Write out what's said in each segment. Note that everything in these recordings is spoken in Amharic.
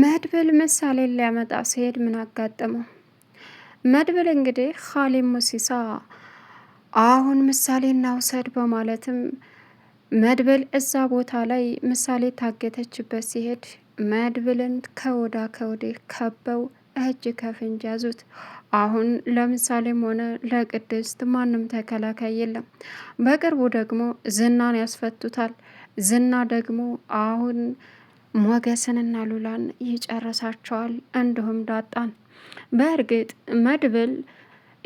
መድብል ምሳሌን ሊያመጣ ሲሄድ ምን አጋጠመው? መድብል እንግዲህ ኻሊብ ሙሲሳ አሁን ምሳሌ እናውሰድ በማለትም መድብል እዛ ቦታ ላይ ምሳሌ ታገተችበት ሲሄድ መድብልን ከወዳ ከወዴ ከበው እጅ ከፍንጅ ያዙት። አሁን ለምሳሌም ሆነ ለቅድስት ማንም ተከላካይ የለም። በቅርቡ ደግሞ ዝናን ያስፈቱታል። ዝና ደግሞ አሁን ሞገስንና ሉላን ይጨርሳቸዋል። እንዲሁም ዳጣን። በእርግጥ መድብል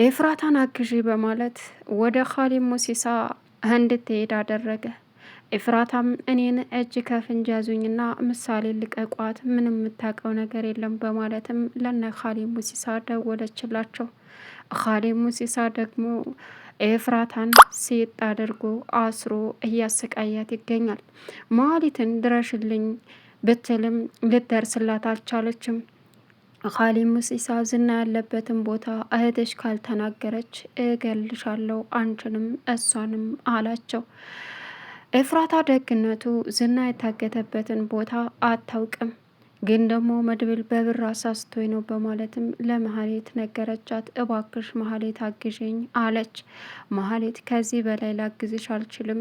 ኤፍራታን አግዢ በማለት ወደ ኻሊብ ሙሲሳ እንድትሄድ አደረገ። ኤፍራታም እኔን እጅ ከፍንጅ ያዙኝና ምሳሌ ልቀቋት፣ ምንም የምታውቀው ነገር የለም በማለትም ለነ ኻሊብ ሙሲሳ ደወለችላቸው። ኻሊብ ሙሲሳ ደግሞ ኤፍራታን ሴት አድርጎ አስሮ እያሰቃያት ይገኛል። መዋሊትን ድረሽልኝ ብትልም ልትደርስላት አልቻለችም። ኻሊብ ሙሲሳ ዝና ያለበትን ቦታ እህትሽ ካልተናገረች እገልሻለሁ አንቺንም እሷንም አላቸው። ኤፍራታ ደግነቱ ዝና የታገተበትን ቦታ አታውቅም፣ ግን ደግሞ መድብል በብር አሳስቶኝ ነው በማለትም ለመሀሌት ነገረቻት። እባክሽ መሀሌት አግዥኝ አለች። መሀሌት ከዚህ በላይ ላግዝሽ አልችልም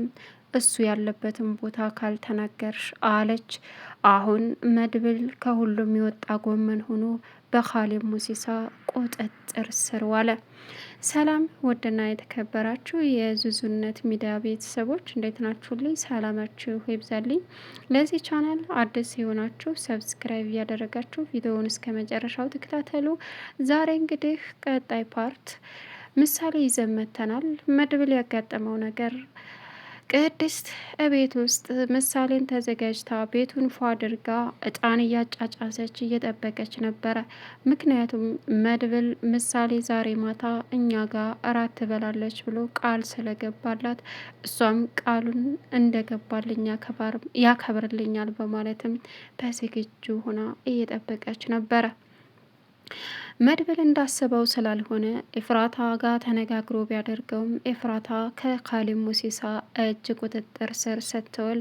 እሱ ያለበትን ቦታ ካልተናገርሽ አለች። አሁን መድብል ከሁሉም የወጣ ጎመን ሆኖ በኻሊብ ሙሲሳ ቁጥጥር ስር ዋለ። ሰላም ውድና የተከበራችሁ የዙዙነት ሚዲያ ቤተሰቦች እንዴት ናችሁልኝ? ሰላማችሁ ይብዛልኝ። ለዚህ ቻናል አዲስ የሆናችሁ ሰብስክራይብ እያደረጋችሁ ቪዲዮውን እስከ መጨረሻው ተከታተሉ። ዛሬ እንግዲህ ቀጣይ ፓርት ምሳሌ ይዘን መጥተናል። መድብል ያጋጠመው ነገር ቅድስት እቤት ውስጥ ምሳሌን ተዘጋጅታ ቤቱን ፏ አድርጋ እጣን እያጫጫሰች እየጠበቀች ነበረ። ምክንያቱም መድብል ምሳሌ ዛሬ ማታ እኛ ጋር እራት ትበላለች ብሎ ቃል ስለገባላት እሷም ቃሉን እንደገባልኝ ያከብርልኛል በማለትም በዝግጁ ሆና እየጠበቀች ነበረ። መድብል እንዳሰበው ስላልሆነ ኤፍራታ ጋር ተነጋግሮ ቢያደርገውም ኤፍራታ ከካሊብ ሙሴሳ እጅ ቁጥጥር ስር ስትውል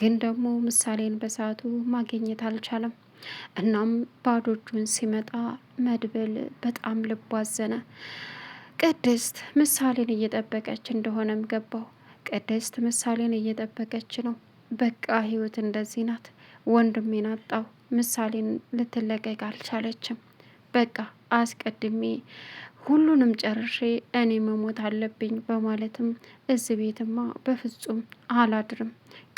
ግን ደግሞ ምሳሌን በሰዓቱ ማግኘት አልቻለም። እናም ባዶ እጁን ሲመጣ መድብል በጣም ልቡ አዘነ። ቅድስት ምሳሌን እየጠበቀች እንደሆነም ገባው። ቅድስት ምሳሌን እየጠበቀች ነው። በቃ ህይወት እንደዚህ ናት። ወንድሜን አጣው። ምሳሌን ልትለቀቅ አልቻለችም። በቃ አስቀድሜ ሁሉንም ጨርሼ እኔ መሞት አለብኝ በማለትም እዚህ ቤትማ በፍጹም አላድርም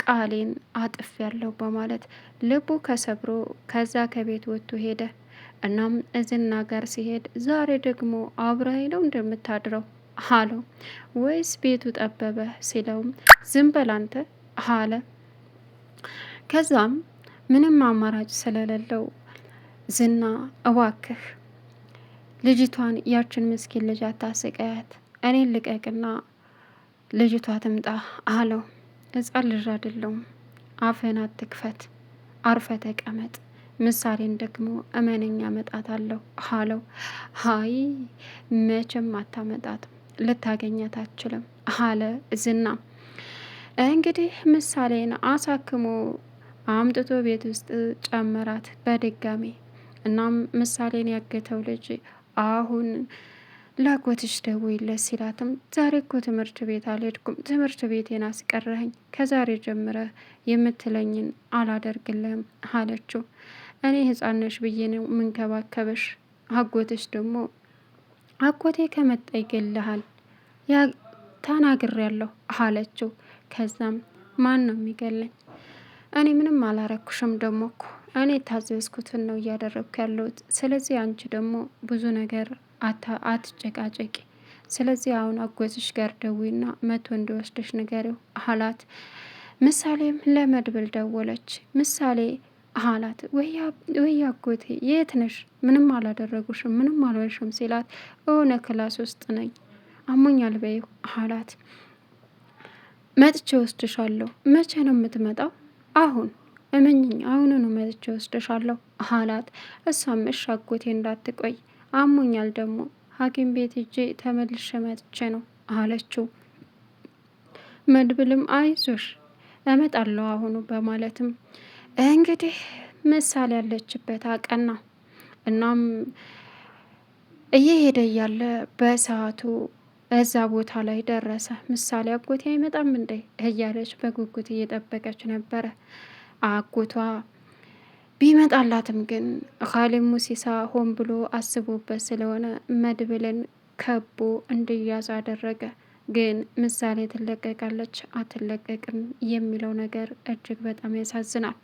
ቃሌን አጥፍ ያለው በማለት ልቡ ከሰብሮ ከዛ ከቤት ወጥቶ ሄደ። እናም እዝና ጋር ሲሄድ ዛሬ ደግሞ አብረኸኝ ነው እንደምታድረው አለው። ወይስ ቤቱ ጠበበ ሲለውም ዝም በል አለ። ከዛም ምንም አማራጭ ስለሌለው ዝና እባክህ ልጅቷን ያችን ምስኪን ልጅ አታስቀያት፣ እኔን ልቀቅና ልጅቷ ትምጣ አለው። ህፃን ልጅ አይደለሁም፣ አፍህን አትክፈት፣ አርፈ ተቀመጥ፣ ምሳሌን ደግሞ እመነኛ መጣት አለው አለው። ሀይ መቼም አታመጣትም፣ ልታገኛት አትችልም አለ ዝና። እንግዲህ ምሳሌን አሳክሞ አምጥቶ ቤት ውስጥ ጨመራት በድጋሜ እናም ምሳሌን ያገተው ልጅ አሁን ላጎትሽ ደውይለት ሲላትም ዛሬ እኮ ትምህርት ቤት አልሄድኩም፣ ትምህርት ቤቴን አስቀረኸኝ፣ ከዛሬ ጀምረህ የምትለኝን አላደርግልህም አለችው። እኔ ህጻነሽ ብዬ ነው ምንከባከበሽ፣ አጎትሽ ደግሞ አጎቴ ከመጣ ይገልሃል ያለሁ አለችው። ከዛም ማን ነው የሚገለኝ? እኔ ምንም አላረኩሽም ደግሞ እኮ እኔ የታዘዝኩትን ነው እያደረግኩ ያለሁት። ስለዚህ አንቺ ደግሞ ብዙ ነገር አትጨቃጨቂ። ስለዚህ አሁን አጎትሽ ጋር ደዊና መቶ እንዲወስደሽ ንገሪው አላት። ምሳሌም ለመድብል ደወለች። ምሳሌ አላት ወይ አጎቴ የት ነሽ? ምንም አላደረጉሽም፣ ምንም አልሆንሽም ሲላት እሆነ ክላስ ውስጥ ነኝ አሞኛል በይሁ አላት። መጥቼ ወስድሻለሁ። መቼ ነው የምትመጣው? አሁን እመኝኝ አሁኑኑ መጥቼ ወስደሻለሁ አላት። እሷም እሺ አጎቴ እንዳትቆይ አሞኛል ደግሞ ሐኪም ቤት ሄጄ ተመልሼ መጥቼ ነው አለችው። መድብልም አይዞሽ እመጣለሁ አሁኑ በማለትም እንግዲህ ምሳሌ ያለችበት አቀና። እናም እየሄደ እያለ በሰዓቱ እዛ ቦታ ላይ ደረሰ። ምሳሌ አጎቴ አይመጣም እንዴ እያለች በጉጉት እየጠበቀች ነበረ። አጎቷ ቢመጣላትም ግን ኻሊብ ሙሲሳ ሆን ብሎ አስቦበት ስለሆነ መድብልን ከቦ እንዲያዝ አደረገ። ግን ምሳሌ ትለቀቃለች አትለቀቅም የሚለው ነገር እጅግ በጣም ያሳዝናል።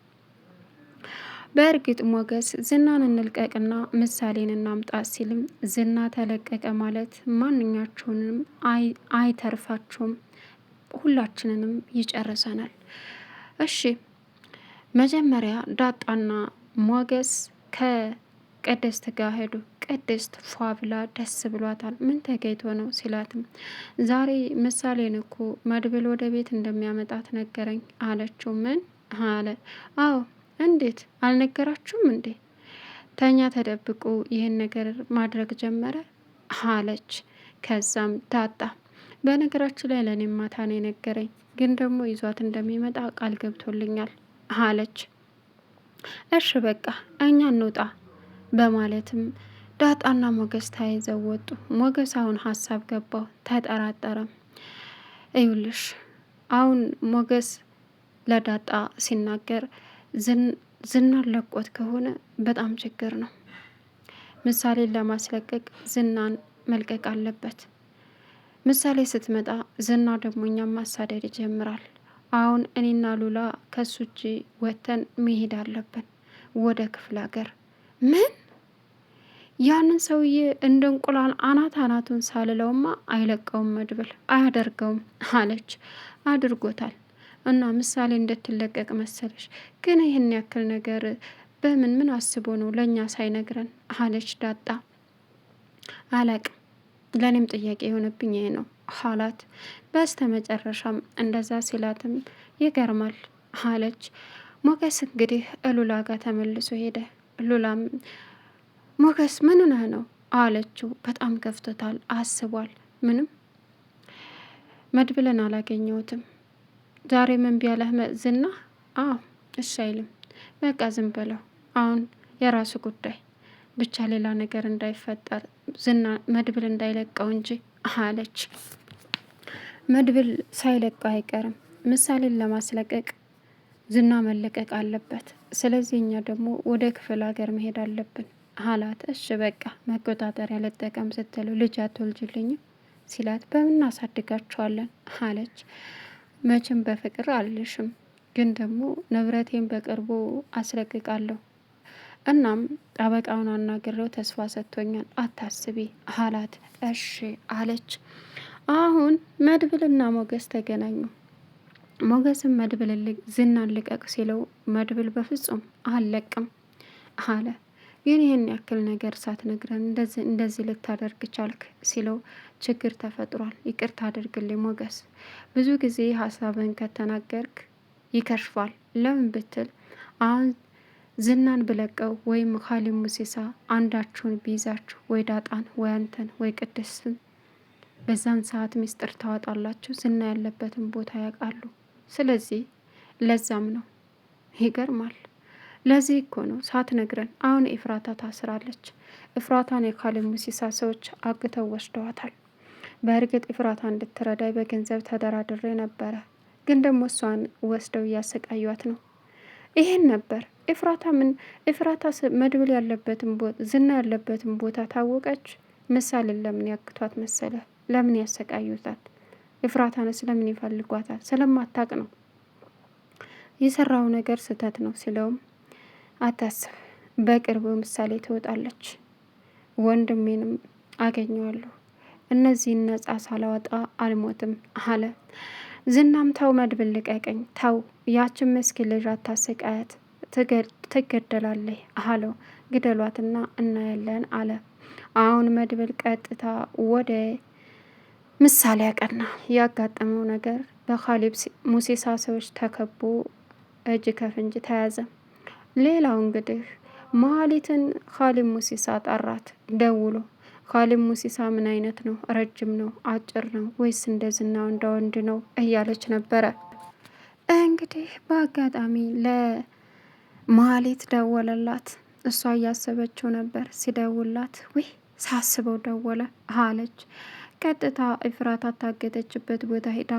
በእርግጥ ሞገስ ዝናን እንልቀቅና ምሳሌን እናምጣ ሲልም ዝና ተለቀቀ ማለት ማንኛችሁንም አይተርፋችሁም፣ ሁላችንንም ይጨርሰናል። እሺ መጀመሪያ ዳጣና ሞገስ ከቅድስት ጋር ሄዱ። ቅድስት ፏ ብላ ደስ ብሏታል። ምን ተገይቶ ነው ሲላትም ዛሬ ምሳሌን እኮ መድብል ወደ ቤት እንደሚያመጣት ነገረኝ አለችው። ምን አለ? አዎ እንዴት አልነገራችሁም እንዴ? ተኛ ተደብቁ ይህን ነገር ማድረግ ጀመረ አለች። ከዛም ዳጣ በነገራችን ላይ ለእኔ ማታ ነው የነገረኝ፣ ግን ደግሞ ይዟት እንደሚመጣ ቃል ገብቶልኛል አለች። እሺ በቃ እኛ እንውጣ በማለትም ዳጣና ሞገስ ተያይዘው ወጡ። ሞገስ አሁን ሀሳብ ገባው፣ ተጠራጠረም። እዩልሽ አሁን ሞገስ ለዳጣ ሲናገር ዝናን ለቆት ከሆነ በጣም ችግር ነው። ምሳሌን ለማስለቀቅ ዝናን መልቀቅ አለበት። ምሳሌ ስትመጣ ዝና ደግሞ እኛም ማሳደድ ይጀምራል። አሁን እኔና ሉላ ከሱ እጅ ወጥተን መሄድ አለብን ወደ ክፍለ ሀገር። ምን ያንን ሰውዬ እንደ እንቁላል አናት አናቱን ሳልለውማ አይለቀውም፣ መድብል አያደርገውም አለች። አድርጎታል እና ምሳሌ እንድትለቀቅ መሰለሽ። ግን ይህን ያክል ነገር በምን ምን አስቦ ነው ለእኛ ሳይነግረን? አለች ዳጣ። አላቅም ለእኔም ጥያቄ የሆነብኝ ይሄ ነው አላት። በስተ መጨረሻም እንደዛ ሲላትም ይገርማል አለች። ሞገስ እንግዲህ ሉላ ጋር ተመልሶ ሄደ። ሉላም ሞገስ ነህ ነው አለችው። በጣም ከፍቶታል፣ አስቧል። ምንም መድብለን አላገኘሁትም ዛሬ ምን ቢያለህ ዝና? አዎ እሺ አይልም። በቃ ዝም በለው አሁን የራሱ ጉዳይ ብቻ ሌላ ነገር እንዳይፈጠር ዝና መድብል እንዳይለቀው እንጂ አለች። መድብል ሳይለቀው አይቀርም። ምሳሌን ለማስለቀቅ ዝና መለቀቅ አለበት። ስለዚህ እኛ ደግሞ ወደ ክፍለ ሀገር መሄድ አለብን አላት። እሺ በቃ መቆጣጠሪያ ልጠቀም ስትለው ልጅ አትወልጅልኝም ሲላት በምናሳድጋቸዋለን እናሳድጋቸዋለን አለች። መቼም በፍቅር አልልሽም፣ ግን ደግሞ ንብረቴን በቅርቡ አስለቅቃለሁ እናም ጠበቃውን አናግሬው ተስፋ ሰጥቶኛል፣ አታስቢ አላት። እሺ አለች። አሁን መድብልና ሞገስ ተገናኙ። ሞገስም መድብል ዝናን ልቀቅ ሲለው መድብል በፍጹም አልለቅም አለ። ግን ይህን ያክል ነገር ሳትነግረን እንደዚህ ልታደርግ ቻልክ ሲለው ችግር ተፈጥሯል፣ ይቅርታ አድርግልኝ ሞገስ። ብዙ ጊዜ ሀሳብን ከተናገርክ ይከሽፋል። ለምን ብትል አሁን ዝናን ብለቀው ወይም ካሊብ ሙሲሳ አንዳችሁን ቢይዛችሁ ወይ ዳጣን ወይ አንተን ወይ ቅድስትን በዛን ሰዓት ሚስጥር ታወጣላችሁ። ዝና ያለበትን ቦታ ያውቃሉ። ስለዚህ ለዛም ነው ይገርማል። ለዚህ እኮ ነው ነግረን አሁን ኤፍራታ ታስራለች። ኤፍራታን የካሊብ ሙሲሳ ሰዎች አግተው ወስደዋታል። በእርግጥ ኤፍራታ እንድትረዳይ በገንዘብ ተደራድሬ ነበረ፣ ግን ደግሞ እሷን ወስደው እያሰቃዩት ነው። ይህን ነበር ኤፍራታ ምን ኤፍራታ መድብል ያለበትን ዝና ያለበትን ቦታ ታወቀች። ምሳሌን ለምን ያግቷት መሰለ? ለምን ያሰቃዩታል? ኤፍራታን ስለምን ይፈልጓታል? ስለማታቅ ነው። የሰራው ነገር ስህተት ነው ሲለውም አታስብ፣ በቅርቡ ምሳሌ ትወጣለች፣ ወንድሜንም አገኘዋለሁ፣ እነዚህን ነጻ ሳላወጣ አልሞትም አለ። ዝናም ተው መድብል ልቀቀኝ፣ ተው ያችን ምስኪን ልጅ አታሰቃያት ትገደላለች አለው። ግደሏትና እናያለን አለ። አሁን መድብል ቀጥታ ወደ ምሳሌ ያቀና። ያጋጠመው ነገር በካሊብ ሙሴሳ ሰዎች ተከቦ እጅ ከፍንጅ ተያዘ። ሌላው እንግዲህ መሀሊትን ካሊብ ሙሴሳ ጠራት ደውሎ ካሊብ ሙሲሳ ምን አይነት ነው? ረጅም ነው? አጭር ነው? ወይስ እንደ ዝናው እንደ ወንድ ነው? እያለች ነበረ። እንግዲህ በአጋጣሚ ለ መሀሌት ደወለላት። እሷ እያሰበችው ነበር። ሲደውላት ውህ ሳስበው ደወለ አለች። ቀጥታ ኢፍራት ታገተችበት ቦታ ሄዳ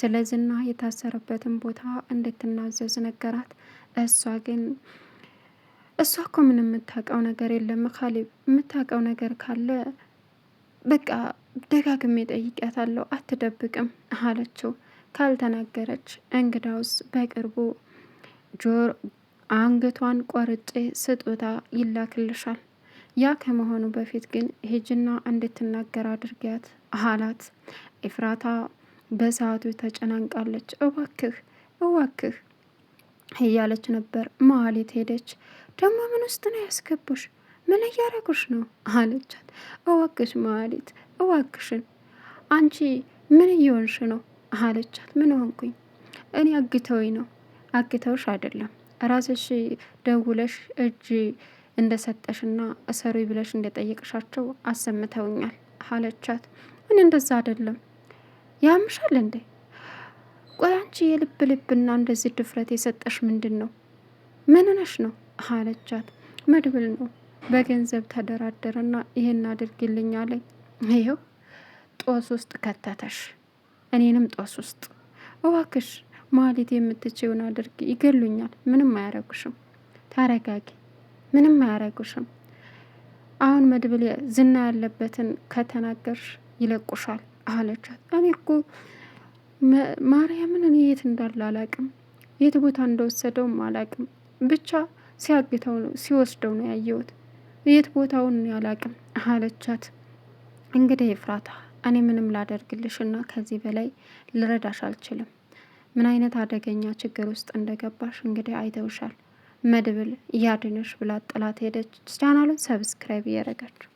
ስለ ዝና የታሰረበትን ቦታ እንድትናዘዝ ነገራት። እሷ ግን እሷ እኮ ምን የምታውቀው ነገር የለም ካሌብ፣ የምታውቀው ነገር ካለ በቃ ደጋግሜ ጠይቂያታለሁ፣ አትደብቅም አለችው። ካልተናገረች እንግዳውስ በቅርቡ ጆር አንገቷን ቆርጬ ስጦታ ይላክልሻል። ያ ከመሆኑ በፊት ግን ሄጅና እንድትናገር አድርጊያት አላት። ኤፍራታ በሰዓቱ ተጨናንቃለች። እዋክህ እዋክህ እያለች ነበር። መሀሌት ሄደች። ደግሞ ምን ውስጥ ነው ያስገቡሽ? ምን እያረጉሽ ነው አለቻት። እዋክሽ መሀሌት እዋክሽን፣ አንቺ ምን እየሆንሽ ነው አለቻት። ምን ሆንኩኝ እኔ? አግተውኝ ነው። አግተውሽ አይደለም ራስሽ ደውለሽ እጅ እንደሰጠሽና እሰሩ ብለሽ እንደጠየቅሻቸው አሰምተውኛል አለቻት። ምን እንደዛ አይደለም ያምሻል እንዴ? ቆይ አንቺ የልብ ልብና እንደዚህ ድፍረት የሰጠሽ ምንድን ነው? ምን ነሽ ነው አለቻት። መድብል ነው በገንዘብ ተደራደረና ይህን አድርግልኝ አለኝ። ይኸው ጦስ ውስጥ ከተተሽ፣ እኔንም ጦስ ውስጥ እዋክሽ? ማሊት የምትችውን አድርግ፣ ይገሉኛል። ምንም አያረጉሽም። ታረጋጊ። ምንም አያረጉሽም። አሁን መድብል ዝና ያለበትን ከተናገርሽ ይለቁሻል አለቻት። እኔ እኮ ማርያምን እኔ የት እንዳለ አላቅም፣ የት ቦታ እንደወሰደውም አላቅም። ብቻ ሲያግተው ነው ሲወስደው ነው ያየሁት። የት ቦታውን ያላቅም አለቻት። እንግዲህ ኤፍራታ እኔ ምንም ላደርግልሽ እና ከዚህ በላይ ልረዳሽ አልችልም። ምን አይነት አደገኛ ችግር ውስጥ እንደገባሽ እንግዲህ አይተውሻል። መድብል ያድንሽ ብላት ጥላት ሄደች። ቻናሉን ሰብስክራይብ እያደረጋችሁ